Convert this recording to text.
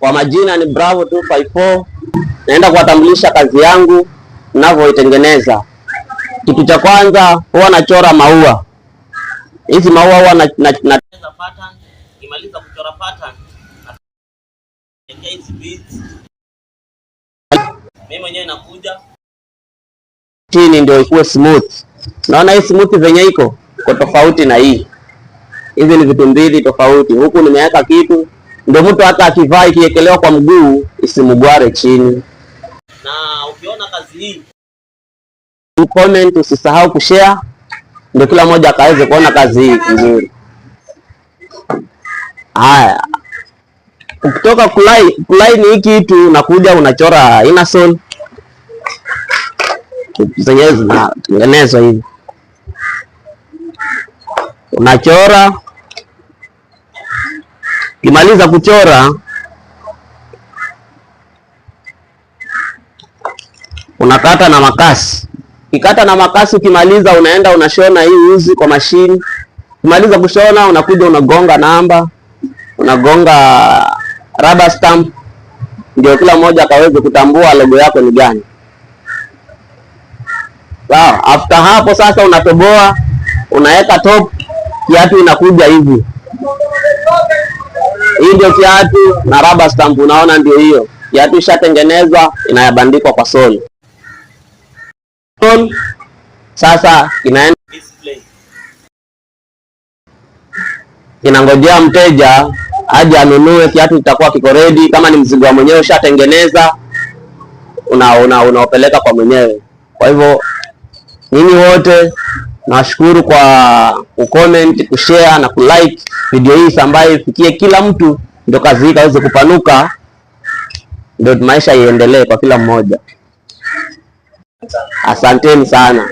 Kwa majina ni Bravo 254. Naenda kuwatambulisha kazi yangu ninavyoitengeneza. Kitu cha kwanza huwa nachora maua. Hizi maua huwa na, na, na... pattern, kuchora pattern. Mimi mwenyewe nakuja chini ndio ikuwe smooth. Naona hii smooth zenye iko kwa tofauti na hii. Hizi ni vitu mbili tofauti. Huku nimeweka kitu ndio mtu hata akivaa ikiekelewa kwa mguu isimgware chini. Na ukiona kazi hii comment, usisahau kushare ndio kila mmoja akaweze kuona kazi hii vizuri. Haya, ukitoka kulaini hii kitu unakuja unachora inasol zenyewe zinatengenezwa hivi, unachora kimaliza kuchora unakata na makasi. Ukikata na makasi, ukimaliza unaenda unashona hii uzi kwa mashini. Ukimaliza kushona, unakuja unagonga namba, unagonga rubber stamp, ndio kila mmoja akaweze kutambua logo yako ni gani. Sawa. After hapo sasa, unatoboa unaweka top, kiatu inakuja hivi. Hii ndio kiatu na raba stamp, unaona ndio hiyo kiatu ishatengenezwa, inayabandikwa kwa soli. Sasa inaenda inangojea mteja aje anunue kiatu, kitakuwa kiko ready. Kama ni mzigo wa mwenyewe ushatengeneza, unaopeleka una, una kwa mwenyewe. Kwa hivyo nyinyi wote Nawashukuru kwa kucomment, kushare na kulike video hii, sambaye ifikie kila mtu, ndio kazi hii kaweze kupanuka, ndio maisha iendelee kwa kila mmoja. Asanteni sana.